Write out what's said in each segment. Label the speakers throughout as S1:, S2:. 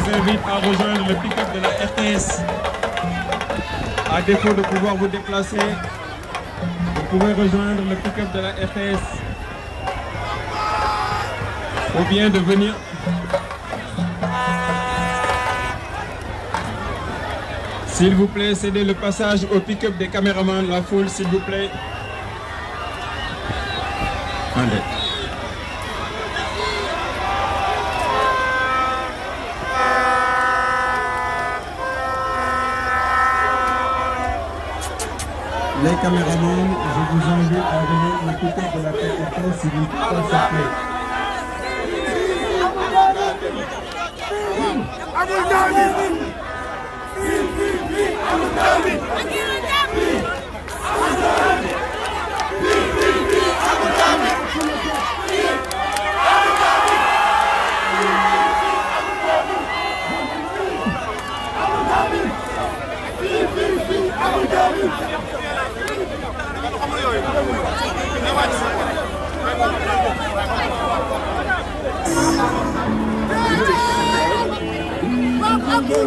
S1: vous invite à rejoindre le pick-up de la RTS. À défaut de pouvoir vous déplacer, vous pouvez rejoindre le pick-up de la RTS. Ou bien de venir S'il vous plaît, cédez le passage au pick-up des caméramans. La foule, s'il vous plaît. Allez. Camera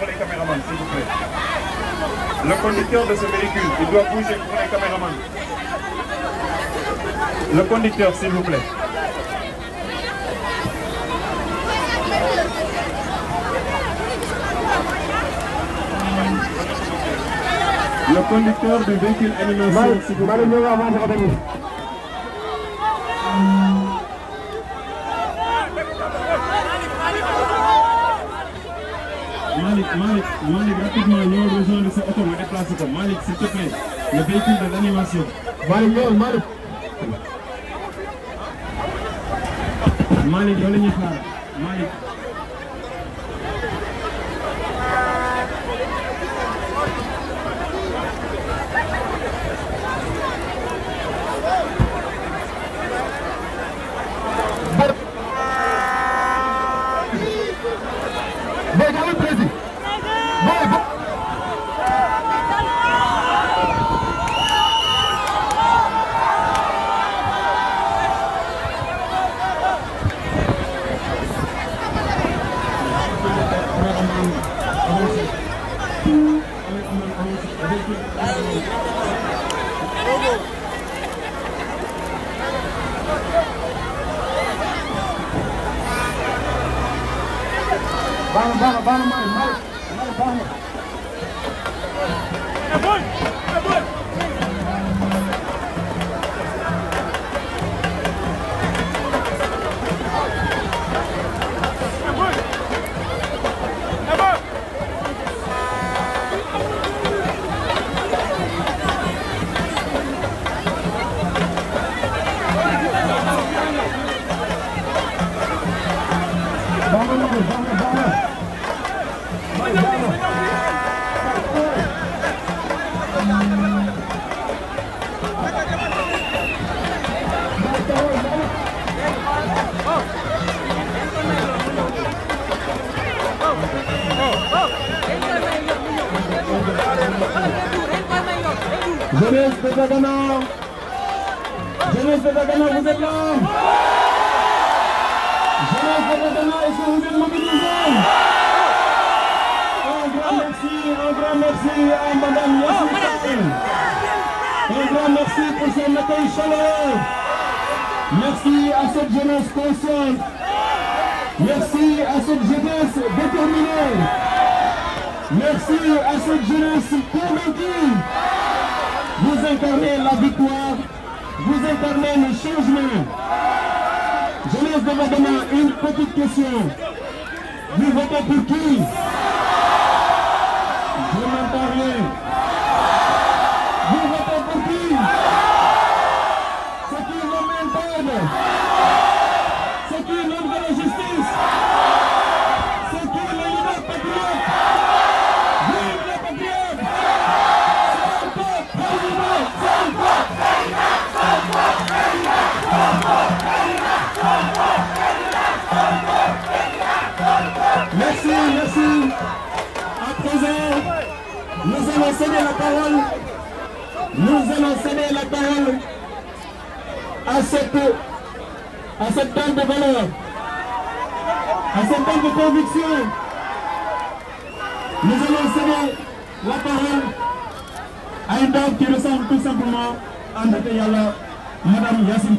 S1: pour s'il Le conducteur de ce véhicule, il doit bouger pour les caméramans. Le conducteur, s'il vous plaît. Le conducteur du véhicule animation, s'il vous plaît. Malick Malick rapidement ñëw rejoindre sa oto nga déplacé ko Malick s'il te plaît le véhicule de l'animation. Malick ñëw Malick. Malick yow la ñuy xaar Malick. Merci à cette jeunesse consciente. Merci à cette jeunesse déterminée. Merci à cette jeunesse convaincue. Vous incarnez la victoire. Vous incarnez le changement. Je laisse de demain une petite question. Vous votez pour qui la parole. Nous allons céder la parole à cette, à cette dame de valeur, à cette dame de conviction. Nous allons céder la parole à une dame qui ressemble tout simplement à Mme Madame Yassine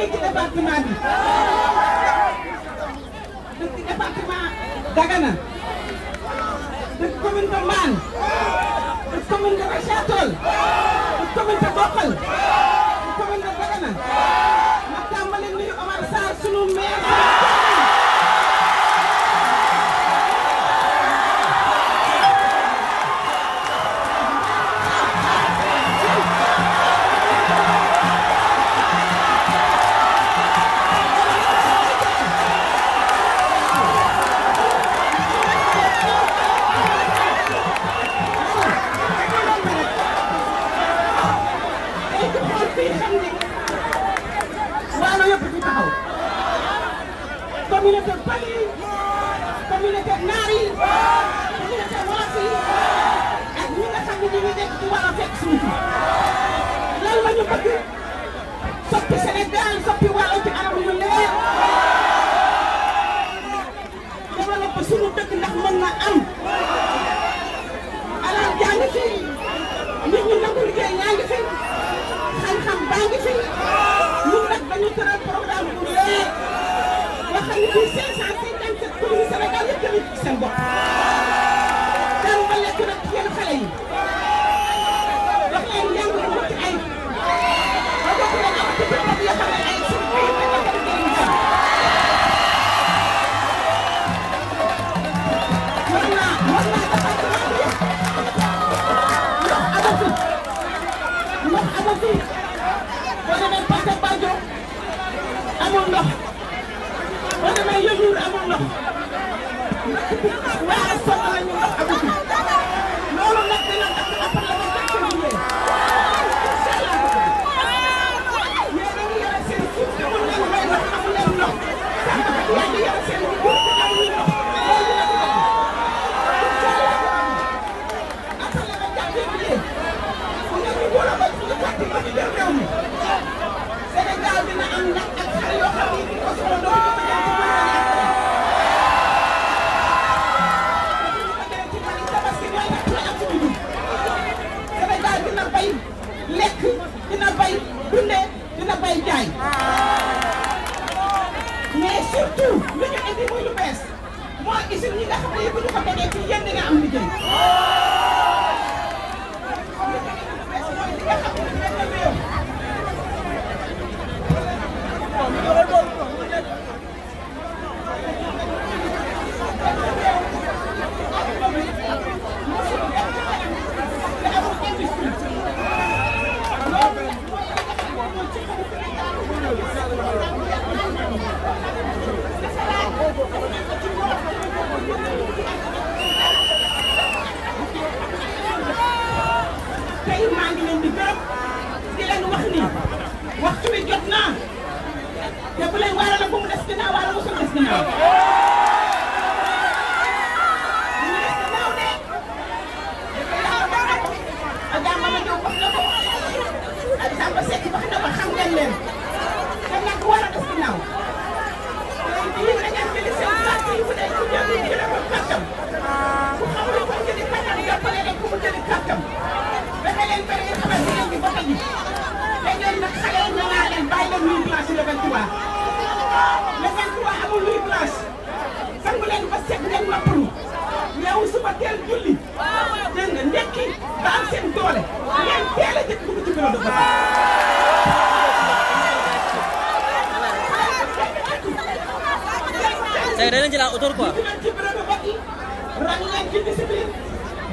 S2: allé ci département bi dëkk ci département Dagana dëkk commune de Mbane dëkk commune fii 557 communes Sénégal yëpp tamit seen bopp. daru ma lekk nag yéen xale yi. wax leen njàng mu mucc ayib. ba bokk leen amati béykat yoo xam ne ay suñu béykat yi dafa gën a jëm. war naa war naa département bi yëpp. ndox amatul ndox amatul. waaye lii bu ñu ko tegee ci yéen di nga am liggéey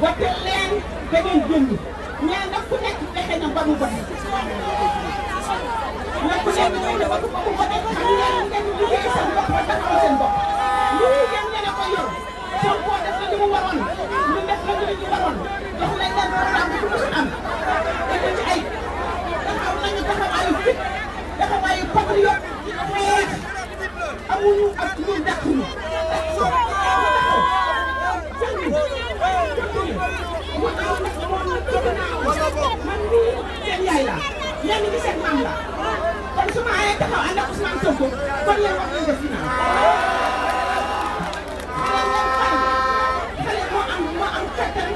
S2: voté leen da ngeen jënd mais nag ba mu voté nag ku nekk fexe na ba mu voté xam ngeen ngeen liggéey seen bopp ba taxaw seen bopp li muy yem ngeen a ko def na li mu waroon ñu ak ñun dàq 2017 maam la kon su ma ayee taxaw ànd ak Ousmane Sonko kon leen wax nañ def ginnaaw xale ngeen fay xale moo am moo am kattan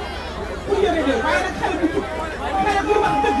S2: pour yore réew waaye nag xale bu jub xale bu wax dëgg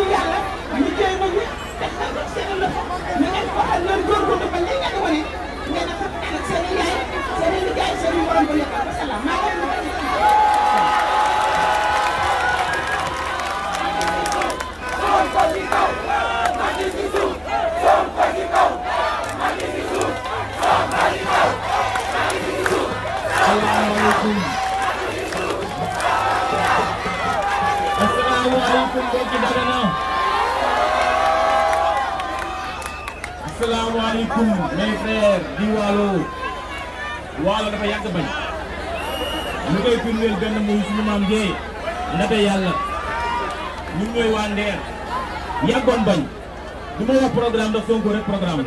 S1: programme ndax Sonko rek programme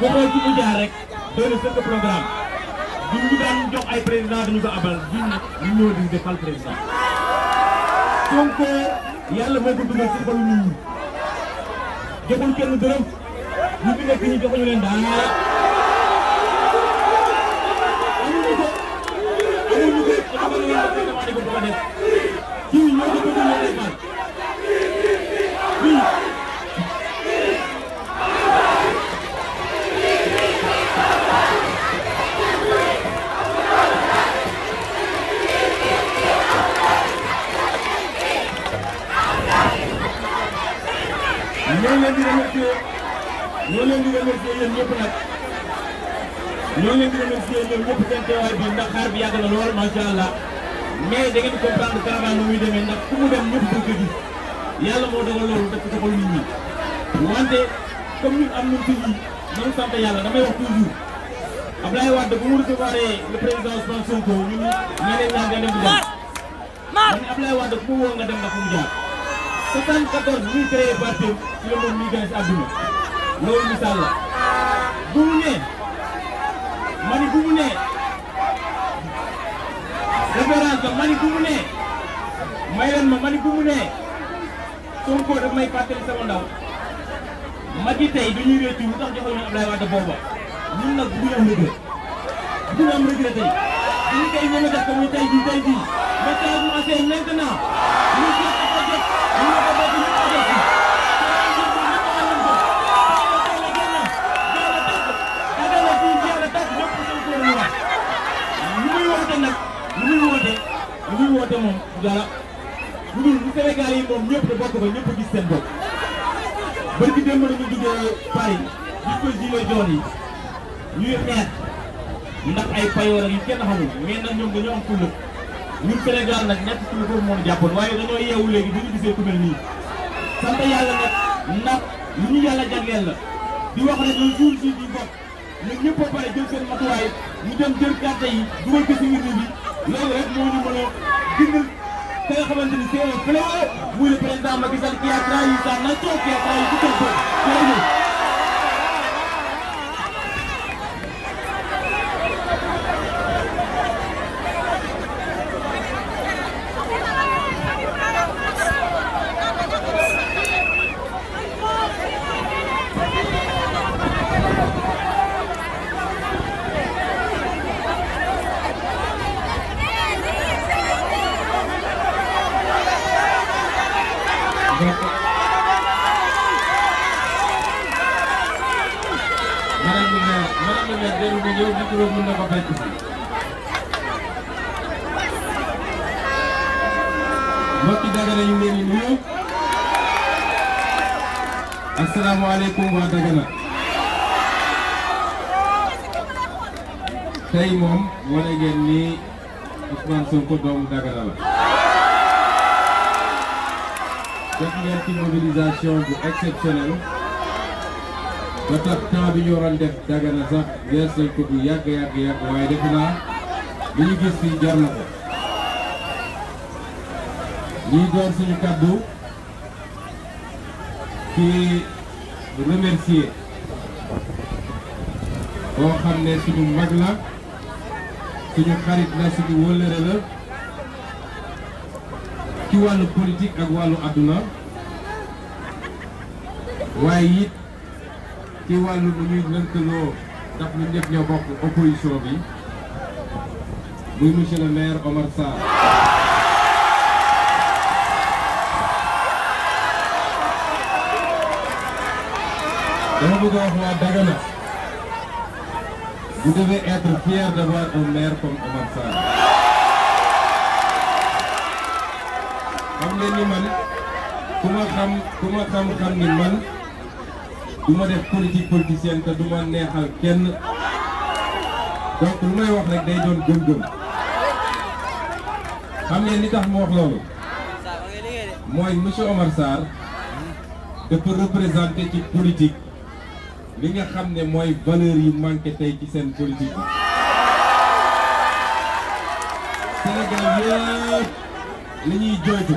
S3: la ci
S1: jox ay président dañu ko abal di ñu di defal président Sonko euh, yàlla moo ko dugal ci xolu nit ñi joxul kenn dërëm ñu fi nekk ñi joxuñu leen dara ñoo leen di remercier ñoo leen di remercier yéen ñëpp nag ñoo leen di remercier ñoom ñëpp seen teewaay bi ndax xaar bi yàgg na lool macha allah mais da ngeen comprendre caravane nu muy demee ndax ku mu dem ñëpp bëgg a gis yàlla moo dogal loolu def doxal nit ñi wante comme ñun am nañ ci lii ñoom sant yàlla damay wax toujours Abdoulaye Wade bu mu recevoir le président Ousmane Sonko ñun ñeneen ñaa nga dem di dem man Abdoulaye Wade ku mu woo nga dem nga fu mu 74 muy créé parti ci la moom ñuy gën a àdduna loolu misaal la bu mu nee ma ni bu mu nee référence ba ma ni bu mu nee may leen ma ma ni bu mu nee Sonko daf may fàttali sama ndaw mag yi tey dañuy réccu lu tax joxoon ñu Abdoulaye Wade booba ñun nag bu ñu am regret bu ñu am regret tey ñu koy ñeme def comme tey jii tey jii mais tey bu ma maintenant ndax ay payoor yu kenn xamul mais nag ñoom dañoo am fulla ñun Sénégal nag ñett ci lu boobu moo ñu jàppoon waaye dañoo yeewu léegi bi ñu gisee ku nii sant yàlla nag ndax lu ñu yàlla jagleel la di wax rek loolu jour ji di bopp ñun ñëpp pare jël seen matuwaay ñu dem jël carte yi dugal ko ci urne bi loolu rek moo ñu mën a dindal ka nga xamante ni c'est un fléau muy le président Macky Sall qui a trahi sa nation qui a trahi tout un peuple
S4: Sonko doomu Dagana la def ngeen ci mobilisation bu exceptionnelle ba tax temps bi ñu waroon def sax wees ko bu yàgg yàgg yàgg waaye defe naa li ñu gis fii jar na ko ñuy door suñu kàddu ci remercier boo xam ne suñu mag la suñu xarit la suñu wëllëre la ci wàllu politique ak wàllu àdduna waaye it ci wàllu lu ñuy lëkkaloo ndax ñun ñëpp ñoo bokk opposition bi muy monsieur le maire Omar Sarr. xam ni man kuma ma xam ku ma xam-xam ni man du ma def politique politicienne te du ma neexal kenn donc lu may wax rek day doon gëm-gëm xam ngeen li tax mu wax loolu mooy monsieur Omar Sarr dafa représenté ci politique li nga xam ne valeur yu manqué tey ci seen politique Sénégal yëpp li ñuy jooytu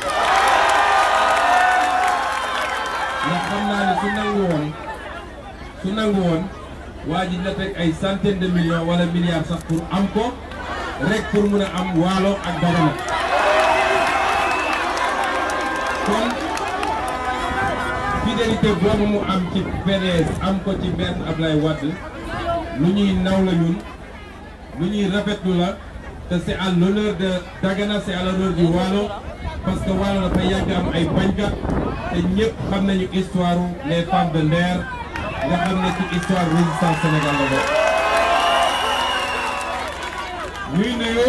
S4: su nangu woon waa ji dina teg ay centaine de millions wala milliards sax pour am ko rek pour mun a am waalo ak Dagana kon fidélité boobu mu am ci PDS am ko ci benn Ablaye Wade lu ñuy naw la lu ñuy rafetlu la te c'est à l'honneur de Dagana c'est à l'honneur Waalo parce que Waalo dafa yàgg am ay bañkat te ñëpp xam nañu histoire les femmes de nga ne ci histoire résistance Sénégal la bokk ñuy nuyu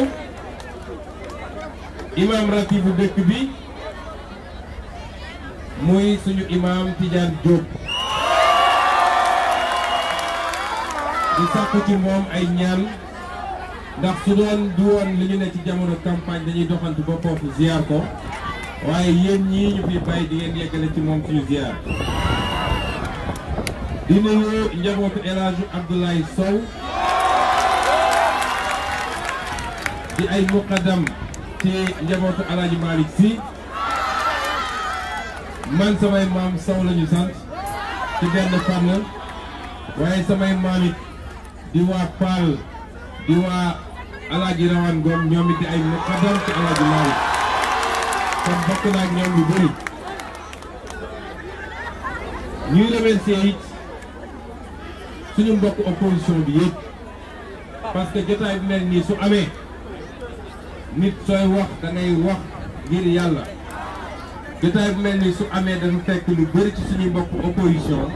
S4: imam ratibu dëkk bi muy suñu imam Tidiane Diop di sàkku ci moom ay ñaan ndax su doon du woon li ñu ne ci jamono campagne dañuy doxantu ba foofu ziar ko waaye yéen ñi ñu fi bàyyi di ngeen yeggale ci moom suñu ziar di nuyu njabootu El Hadj Sow di ay muqaddam ci njabootu El Hadj Malick man samay maam Sow la sant ci benn fànn waaye samay maam di waa Paal di waa El Hadj Rawane ñoom it di ay muqaddam ci El Hadj kon bokk naa ak ñoom lu bëri suñu mbokk opposition bi yëpp parce que jotaay bi mel nii su amee nit sooy wax da ngay wax ngir yàlla jotaay bu mel nii su amee dafa fekk lu bëri ci suñu mbokk opposition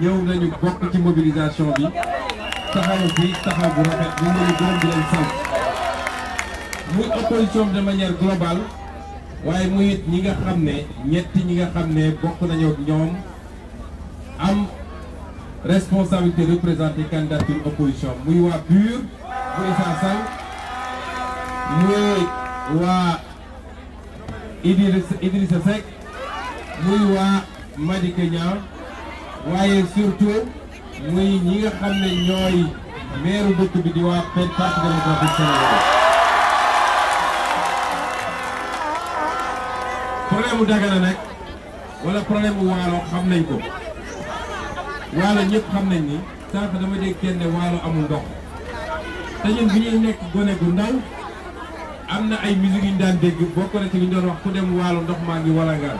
S4: ñëw nañu bokk ci mobilisation bi taxawu bi taxaw bu rafet ñu ngi leen gërëm di leen sant muy opposition bi de manière globale waaye muy it ñi nga xam ne ñetti ñi nga xam ne bokk nañu ak ñoom am. responsabilité représenter candidature opposition muy waa PUR muy Sansal muy wa Idrissa Idrissa Seck muy wa Madické Niang surtout muy ñi nga xamné ñoy maire meeru dëkk bi di wa PEN Parti Démocratique Sénégal. problème Dagana nag wala problème mu Waalo xam nañ ko. waalo ñëpp xam nañ ni sànq dama dégg kenn ne waalo amul ndox te bi ñuy nekk gone gu ndaw am na ay musique yu ñu daan dégg bokk na ci li ñu doon wax ku dem waalo ndox maa ngi walangaan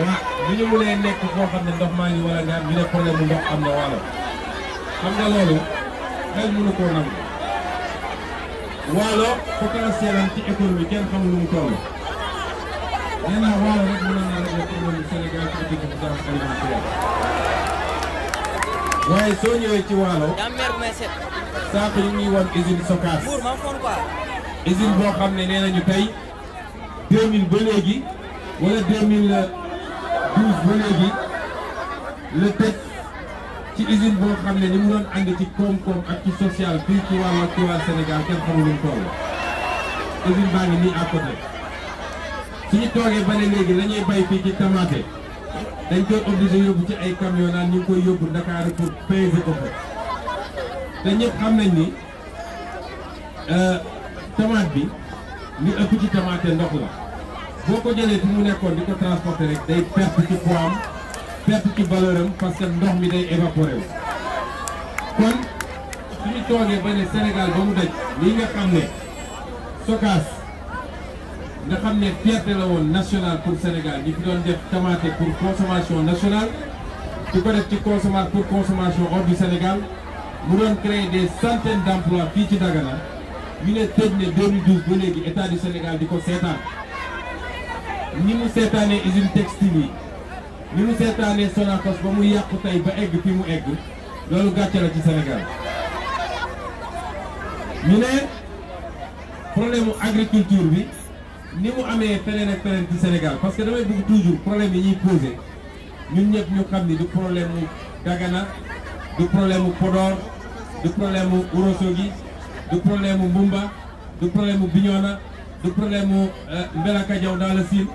S4: waaw bi ñu mënee nekk foo xam ne ndox maa ngi walangaan ñu ne problème mu ndox am na waalo xam nga loolu xel mënu koo nangu waalo potentiel am ci économie kenn xamul mu toll nee waalo rek mënoon naa rek la problème Sénégal ci autosuffisance alimentaire waaye soo ñëwee ci waalo saako ñu ngi woon usine Sokaas usine boo xam ne nee nañu tey 2000 ba léegi wala 2012 ba léegi la tëj ci usine boo xam ne ni mu doon ànd ci koom-koom ak ci social fii ci wàllu ci wàllu Sénégal kenn xamul lu baa ngi nii à côté suñu toogee ba ne léegi la ñuy bay fii ci tamaate dañ koy obligé yóbbu ci ay camion naan ñu ngi koy yóbbu Dakar pour pavé ko fa te ñëpp xam nañ ni euh, tomate bi li ëpp ci tomate ndox la boo ko jëlee fi mu nekkoon di ko transporter rek day perte ci poids am ci valeur am ndox mi day évaporé wu. kon suñu toogee ba ne Sénégal ba mu daj lii nga xam ne Sokaas. Nous avons une fierté la national pour Sénégal nous avons des tomates pour consommation nationale Nous avons pour consommation hors du Sénégal nous avons créer des centaines d'emplois qui ci Dagana 2012 état du Sénégal ni usine textile nous de Nous pour ba egg fi egg Sénégal problème agriculture ni mu amee feneen ak feneen ci Sénégal parce que damay bëgg toujours problème yi ñuy posé ñun ñëpp ñu de ni du problème mu Dagana du problème mu Podor du problème mu Ourossogui du problème mu Mbumba du problème mu Bignona du problème mu euh, Mbelakadiaw dans le Sine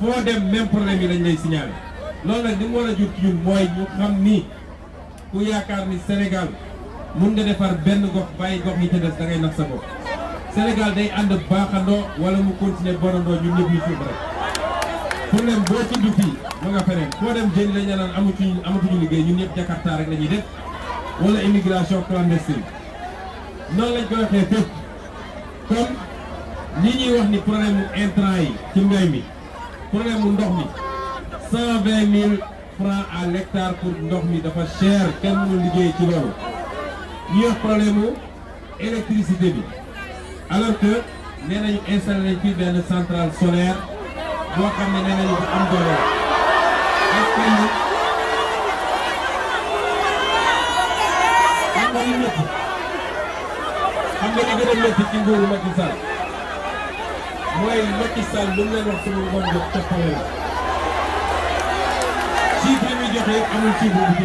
S4: foo dem même problème yi lañ lay signalé loolu mu a ñun mooy ñu xam ku yaakaar ni Sénégal mun nga defar benn gox bàyyi gox yi da ngay nax sa Sénégal day ànd baaxandoo wala mu continuer bonandoo ñun ñëpp ñu suuf rek problème boo tudd fii ma nga feneen foo dem jëli la ñu naan amatuñu amatuñu liggéey ñun ñëpp Jakarta rek la ñuy def wala immigration clandestine noonu lañ ko waxee fépp kon li ñuy wax ni problème mu yi ci mbéy mi problème mu ndox mi cent vingt mille francs à l'hectare ndox mi dafa cher kenn mënul liggéey ci loolu ñuy wax problème mu électricité bi alors que nee nañu installé nañ fii centrale solaire boo xam ne nee nañu ko am doole
S1: askan wi. xam nga li métti
S4: xam ci nguuru Macky mooy Macky Sall lu wax sama ngoon jot toppale la
S1: chiffre yi muy joxe amul chiffre bu ci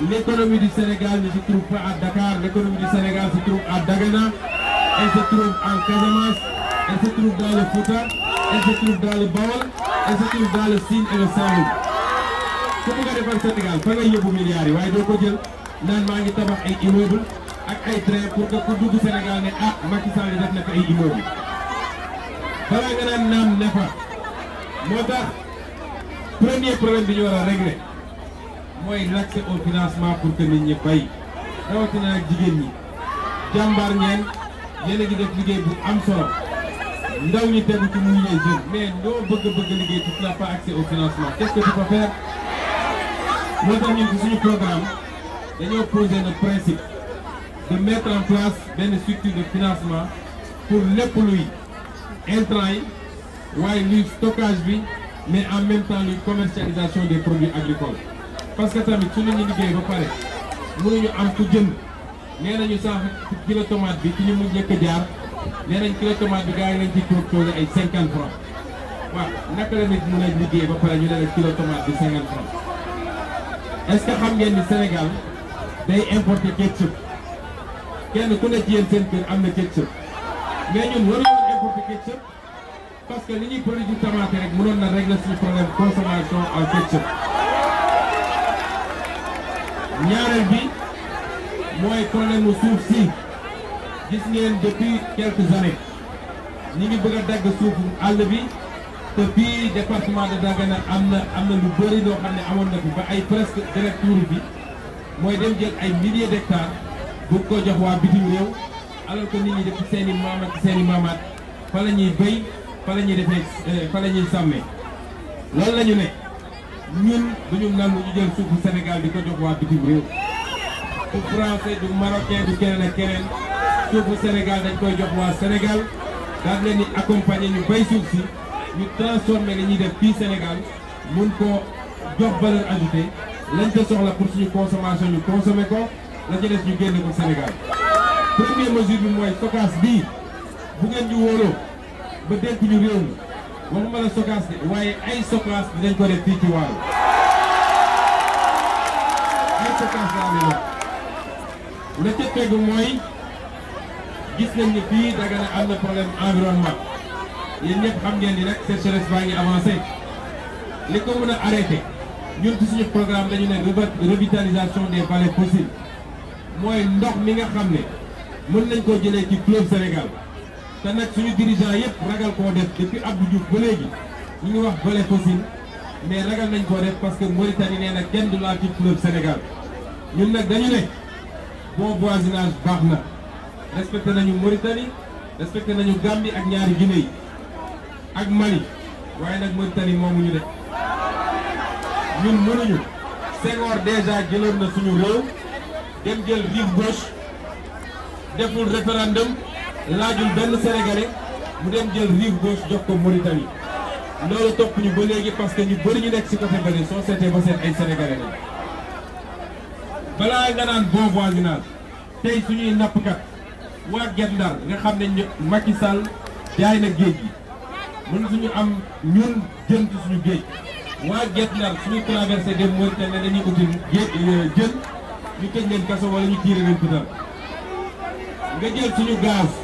S4: l'économie du Sénégal ne se trouve pas à Dakar, l'économie du Sénégal se trouve à Dagana, elle se trouve en Casamance, elle se trouve dans le Fouta, elle se trouve dans le Baol, elle a defar Sénégal fa ngay yóbbu milliards yi waaye doo ko jël naan maa tabax ay immeuble ak ay train pour ku dugg Sénégal ne ah Macky Sall def na ko ay immeuble nga naan naam ne premier problème bi ñu war a régler j'ai l'accès au financement pour que le pays, bay rawatina nag jigéen ñi Jambar ngeen yéen a def liggéey bu am solo ndaw ñi ci les jeunes mais bëgg bëgg tu n'as pas accès au financement qu'est-ce que tu peux faire Nous avons un ci programme dañoo poser le principe de mettre en place des structures de financement pour les luy intrant yi stockage bi mais en même temps la commercialisation des produits agricoles parce que tamit su nit liggéey ba pare mënuñu am ku jënd nee nañu sànq kilo tomate bi ci ñu mu njëkk jaar nee nañ kilo tomate bi gars yi lañ ci a liggéey ba pare ñu ne la kilo tomate bi cinquante francs que xam ngeen ni Sénégal day importer ketchup kenn ku ne ci seen kër am na ketchup mais ñun waruñu importer ketchup parce que li ñuy produit tomate rek mënoon na régler problème consommation en ketchup. ñaareel bi mooy problème mu suuf si gis ngeen depuis quelques années ñi ngi bëgg a dagg suufu àll bi te departement département de na am na am na lu bëri loo xam ne amoon na fi ba ay presque directeur bi mooy dem jël ay milliers d'hectares bëgg ko jox waa bitim réew alors que nit ñi def seen i maam seen i maamaat fa la ñuy béy fa la ñuy defee euh, fa la ñuy sàmmee loolu la ñu ne. ñun duñu nangu ñu jël suufu Sénégal di ko jox waa bitim réew du français du marocain du keneen ak keneen suufu Sénégal dañ koy jox waa Sénégal daan leen di accompagner ñu bay suuf si ñu transformer li ñuy def fii Sénégal mun koo jox valeur ajoutée lañ ko soxla pour suñu consommation ñu consommer ko la ca des ñu génne ko Sénégal. première mesure bi mooy stockage bii bu ngeen ñu wóoloo ba dénk réew mi waxuma la sokaas de waaye ay sokaas dinañ ko def fii ci Waalo ay sokaas laa amee la la ca tegu mooy gis nañ ni fii Dagana am na problème environnement yéen ñëpp xam ngeen ni nag sécheresse baa ngi avancé li ko mën a arrêté ñun ci suñu programme dañu ne revitalisation des vallées fossiles mooy ndox mi nga xam ne mën nañ koo jëlee ci fleuve Sénégal te nag suñu dirigeant yëpp ragal koo def depuis Abdou ju ba léegi ñu ngi wax volet fossile mais ragal nañ koo def parce que Mauritanie nee na kenn du laal ci fleuve Sénégal ñun nag dañu ne bon voisinage baax na respecté nañu Mauritanie respecté nañu Gambie ak ñaari Guinée yi ak Mali waaye nag Mauritanie moomuñu de ñun mënuñu Senghor déjà jëloon na suñu réew dem jël rive gauche deful référendum laajul benn sénégalais mu dem jël rive gauche jox ko Mauritanie loolu topp ñu ba léegi parce que ñu bëri ñu nekk ci côté bëri soo seetee ba seet ay sénégalais lañ balaa nga naan bon voisinage tey suñuy nappkat waa Guet Ndar nga xam ne Macky Sall jaay na géej gi mën suñu am ñun jën ci suñu géej waa Guet Ndar suñu traversé dem Mauritanie dañuy uti géej euh, jën ñu tëj leen kaso wala ñu tiire leen pëtal nga jël suñu gaz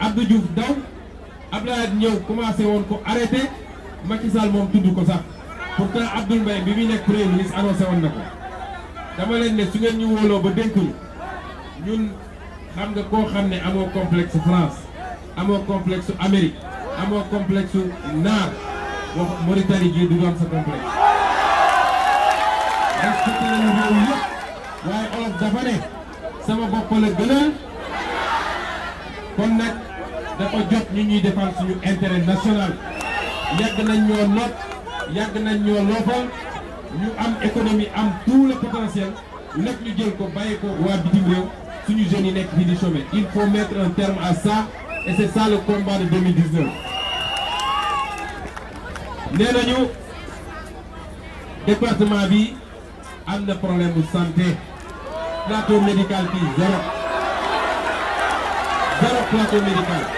S4: Abdou Diouf daw Abdoulaye ñëw commencé won ko arrêté Macky Sall mom tudd ko sax pourtant Abdoul Mbaye bi muy nekk premier ministre annoncé won nako dama len ne su ngeen ñu wolo ba dénkuñu ñun xam nga ko xam amo complexe France amo complexe Amérique amo complexe naar wax Mauritanie gii du am sa complexe.
S1: respecté nañu réew yëpp waaye olof dafa
S4: ne sama bopp la gënal kon nag dafa jot ñu ñuy defal suñu intérêt national yàgg nañ ñoo nopp yàgg nañ ñoo loofal ñu am économie am tout le potentiel lépp ñu jël ko bàyyi ko waa bitim réew suñu jeunes yi nekk fii di il faut mettre un terme à ça et c'est ça le combat de 2019 nee nañu département bi am na problème de santé plateau médical zéro zéro plateau médical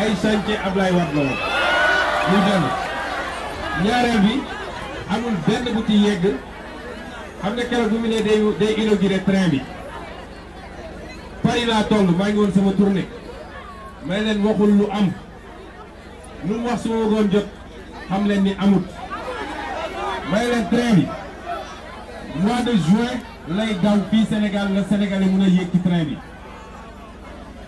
S4: ay chantier ablay Wade la woon muy benn bi amul benn bu ci yegg xamne kéro bu bi mu ne day day inauguré train bi pari la tollu ma ngi won sama tournée may len waxul lu am lu wax su ma bëggoon jot xam len ni amut may len train bi mois de juin lay daw fi Sénégal la Sénégalais mëna yegg ci train bi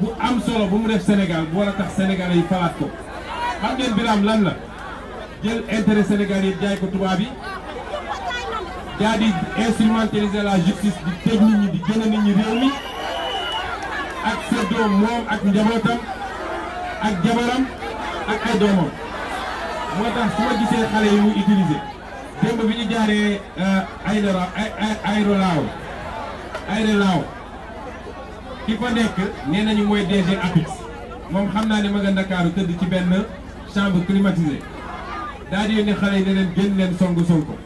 S4: bu am solo bu mu def Sénégal bu war a tax Sénégalais yi falaat ko xam ngeen Birame lan la jël intérêt Sénégal yi jaay ko tubaab yi daa di instrumentaliser la justice di tëj nit ñi di génne nit ñi réew mi ak sa doom moom ak njabootam ak jabaram ak ay doomam moo tax su ma gisee xale yi mu utiliser démb bi ñu jaaree ay ay ay ay relaaw ay ki fa nekk nee nañu mooy DG APIX moom xam naa ne ma nga Ndakaaru tëdd ci benn chambre climatisée daa di yónni xale yi ne leen génn leen songu Sonko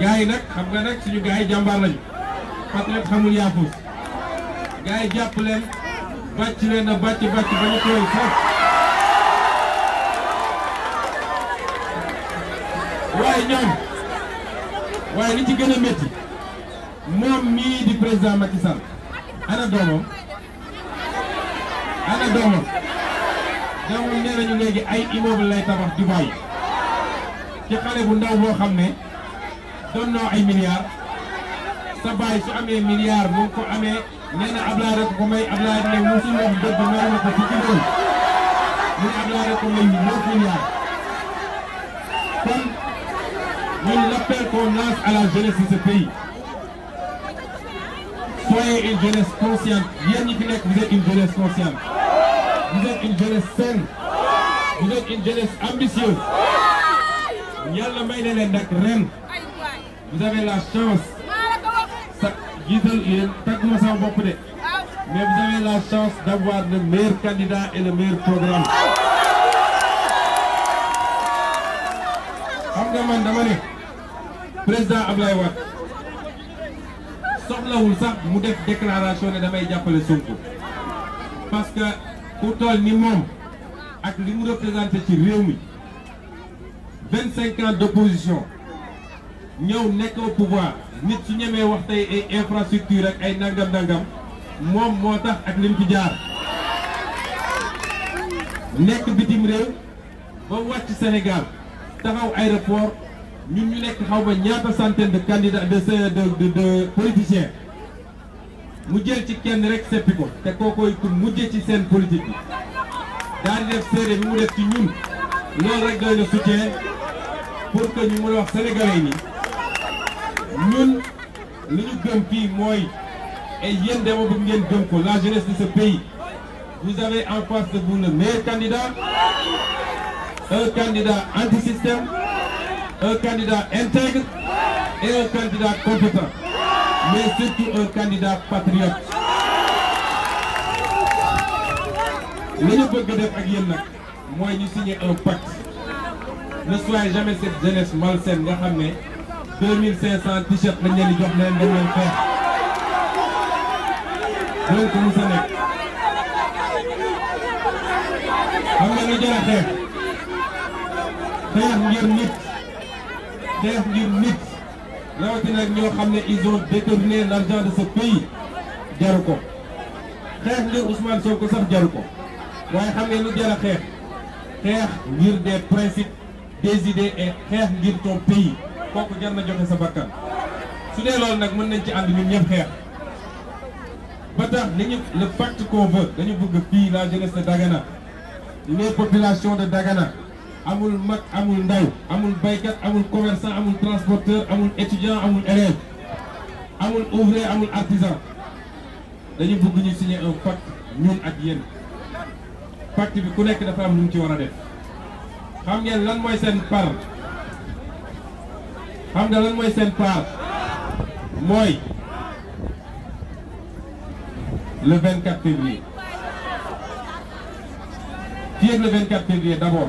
S4: gars yi nag xam nga nag suñu gars yi jàmbaar lañu patriote xamul yaafus gars yi jàpp leen bàcc leen bàcc bàcc
S1: ba ñu tooy sax waaye ñoom waaye li ci gën a métti moom
S4: mii di président Macky ana doomam ana doomam doomam nee nañu léegi ay immeuble lay tabax Dubaï ci xale bu ndaw boo xam ne donnoo ay milliards sa baay su amee milliards mu ko amee nee na Ablaye rek ko may Ablaye ne musul wax dëgg may na ko ci ci réew mu ne Ablaye ko may neuf milliards kon ñun l'appel qu'on lance à la jeunesse de ce soyez une jeunesse consciente yéen ñi vous êtes une jeunesse consciente vous êtes une jeunesse saine vous êtes une jeunesse ambitieuse Yalla may na ren
S3: vous avez la chance de mais vous avez la
S4: chance d'avoir le meilleur candidat et le meilleur programme xam nga président Ablaye soxlawul sax mu def déclaration ne damay jàppale Sonko parce que ku toll ni moom ak li mu représenté ci réew mi vingt cinq ans d'opposition ñëw nekk au pouvoir nit su ñemee wax tey ay infrastructure ak ay nangam-nangam moom moo tax ak lim ci jaar nekk bitim réew ba wàcc Sénégal taxaw aéroport Nous ñu nekk xawba ma ñaata centaine de candidats de de de politiciens mu jël ci kenn rek seppi ko te kookooy ku ci seen politique dal def séeréer bi mu def ci ñun
S3: lool rek doy na soutien
S4: pour que ñu mën wax sénégalais ni ñun li ñu gëm fi moy et yéen dama bëgg ngeen gëm ko la jeunesse de ce pays vous avez en face de vous le meilleur candidat un candidat anti-système un candidat intègre et un candidat compétent, mais surtout un candidat patriote. li ñu bëgg def ak yéen moi je ñu un pacte ne soyez jamais cette jeunesse malsaine nga xam 2500 t shirts lañ leen di jox leen dañ fait. xeex. vous leen ko mos a nekk xeex ngir nit rawatina ak ñoo xam ne ils ont détourné l'argent de sa pays jaru ko xeex ngir Ousmane Sonko sax jaru ko waaye xam ne lu jar a xeex xeex ngir des principes des idées xeex ngir ton pays kooku jar na joxe sa bakkan su dee loolu nag mën nañ ci ànd ñun ñëpp xeex ba tax li ñu le pacte qu'on veut dañu bëgg fii la jeunesse de Dagana les populations de Dagana amul mag amul ndaw amul baykat amul commerçant amul transporteur amul étudiant amul élève amul ouvrier amul artisan dañu bëgg ñu signer un pacte ñun ak yéen pacte bi ku nekk dafa am lu mu ci war a def xam ngeen lan mooy seen par xam nga lan mooy seen par mooy le 24 février. Qui est le 24 février d'abord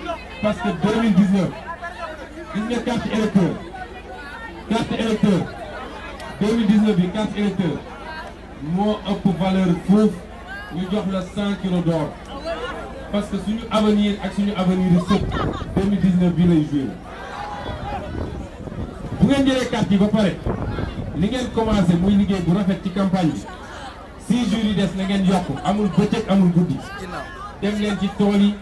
S4: Parce que 2019, il y a 4 électeurs, 4 électeurs, 2019, 4 électeurs, moi, pour valeur de fauve, je dois faire 100 kilos d'or. Parce que si nous avons l'action de l'avenir, c'est 2019-2011. Pour les dernières cartes qui vont paraître, les gens commencent à faire des campagnes. Si je l'ai dit, je vais faire des campagnes. dem leen ci tool yi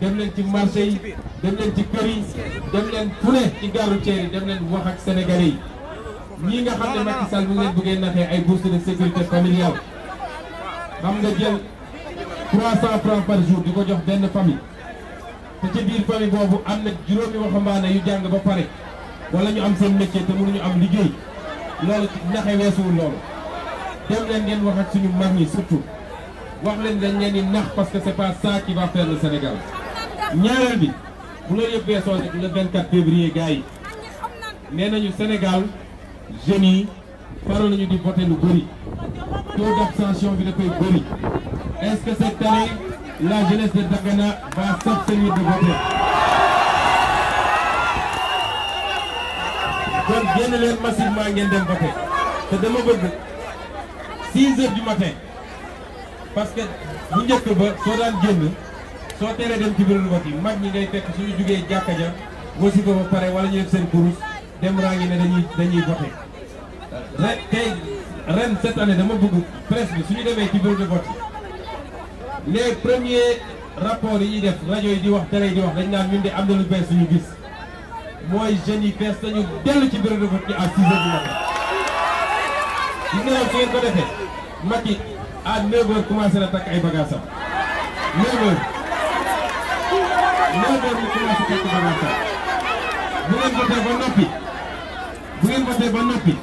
S4: dem leen ci marché yi dem leen ci kër yi dem leen fu ne ci gaaru ceer yi dem leen wax ak sénégalais yi ñii nga xam ne Macky sal mu ngeen leen bëggee naxee ay bourse de sécurité familiale xam nga jël 300 francs par jour di ko jox benn famille te ci biir famille boobu am na juróomi waxambaane yu jàng ba pare wala ñu am seen métier te mënuñu am liggéey loolu naxe weesuwul loolu dem leen ngeen wax ak suñu mag ñi surtout parce que ce n'est pas ça qui va faire le Sénégal Vous bi bu le 24 février gars yi nee nañu Sénégal jeunes yi faral nañu di de lu taux d'abstention bi pays bëri est-ce que cette année la jeunesse de Dagana va s'abstenir de voter Donc, venez le massivement de voter. voter. te dama 6 h du matin parce que bu njëkk ba soo daan génn soo teree dem ci bureau vote yi mag ñi ngay tekk suñu jógee jàkka ja wasi ko ba pare wala ñu def seen kurus dem raa ngi ne dañuy dañuy voté ren tey ren cette année dama bëgg presse bi suñu demee ci bureau de vote yi les premiers rapports yi ñuy def rajo yi di wax télé yi di wax dañ naan ñun de am na lu bees suñu gis mooy jeunes yi pes nañu dell ci bureau de vote yi à six heures du matin gis nga ko defee Macky à 9h commencé na takk ay bagages am 9h 9h mu commencé takk bagages am bu ba noppi bu ngeen votee ba noppi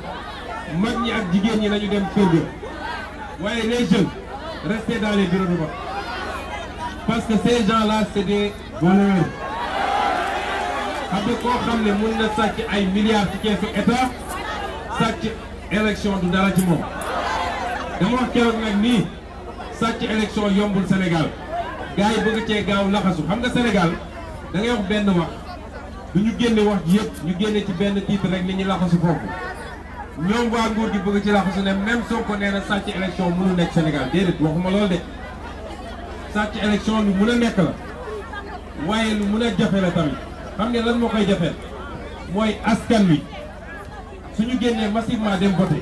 S4: mag ñi ak jigéen ñi nañu dem kër ga waaye les jeunes restez dans les bureaux de vote parce que ces gens là c'est des voleurs xam nga koo xam ne mën na sàcc ay milliards ci keesu état sàcc élection du dara ci moom. dama wax keroog nag nii sàcc élection yombul Sénégal gars yi bëgg cee gaaw laxasu xam nga Sénégal da ngay wax benn wax du ñu génne wax ji yëpp ñu génne ci benn titre rek ni ñu laxasu foofu ñoom waa nguur gi bëgg ci laxasu ne même soo ko nee na sàcc élection mënu nekk Sénégal déedéet waxuma lool de sàcc élection lu mun a nekk la waaye lu mun a jafe la tamit xam ne lan moo koy jafeel mooy askan wi suñu génnee massivement dem voter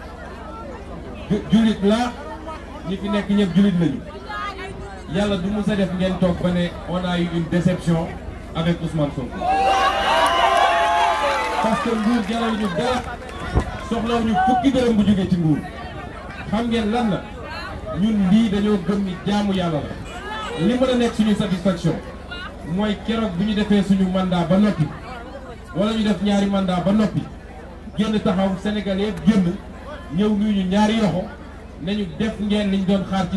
S4: julit la ñi fi nekk ñëpp julit lañu yàlla du mu sa def ngeen toog ba ne on a eu une déception avec Ousmane Sonko parce nguur jaral ñu dara soxlaw ñu fukki dërëm bu jógee ci nguur xam ngeen lan la ñun lii dañoo gëm ni jaamu yàlla la li mën a nekk suñu satisfaction mooy keroog bi ñu defee suñu mandat ba noppi wala ñu def ñaari mandat ba noppi génn taxaw Sénégal yëpp Nous nuyu ñu ñaari yoxo nañu def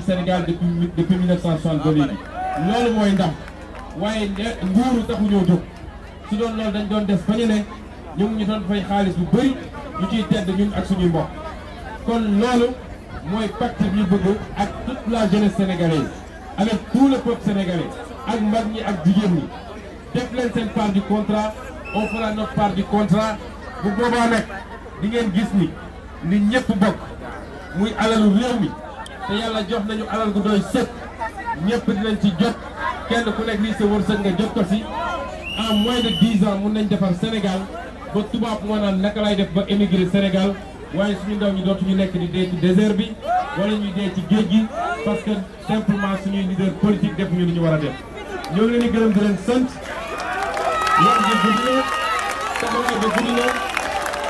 S4: Sénégal depuis depuis 1960 ndam waaye nguuru taxu ñoo jóg su doon loolu dañ doon def nous ñu ne ñu nous, doon fay bu tedd ñun ak mbokk kon toute la jeunesse sénégalaise avec tout le peuple sénégalais part du contrat on fera notre part du contrat bu boobaa di ngeen li ñëpp bokk muy alalu réew mi te yàlla jox nañu alal gu doy sëkk ñëpp dinañ ci jot kenn ku nekk lii sa wërsëg nga jot ko si am moins de dix ans mun nañ defar Sénégal ba tubaab moo naan naka lay def ba émigré Sénégal waaye suñu ndaw ñi dootuñu nekk di dee ci désert bi wala ñuy dee ci géej gi parce que simplement suñuy leader politique defuñu li ñu war a def ñoo ngi leen di gërëm di
S1: leen sant yéen di gudd na ba gudd na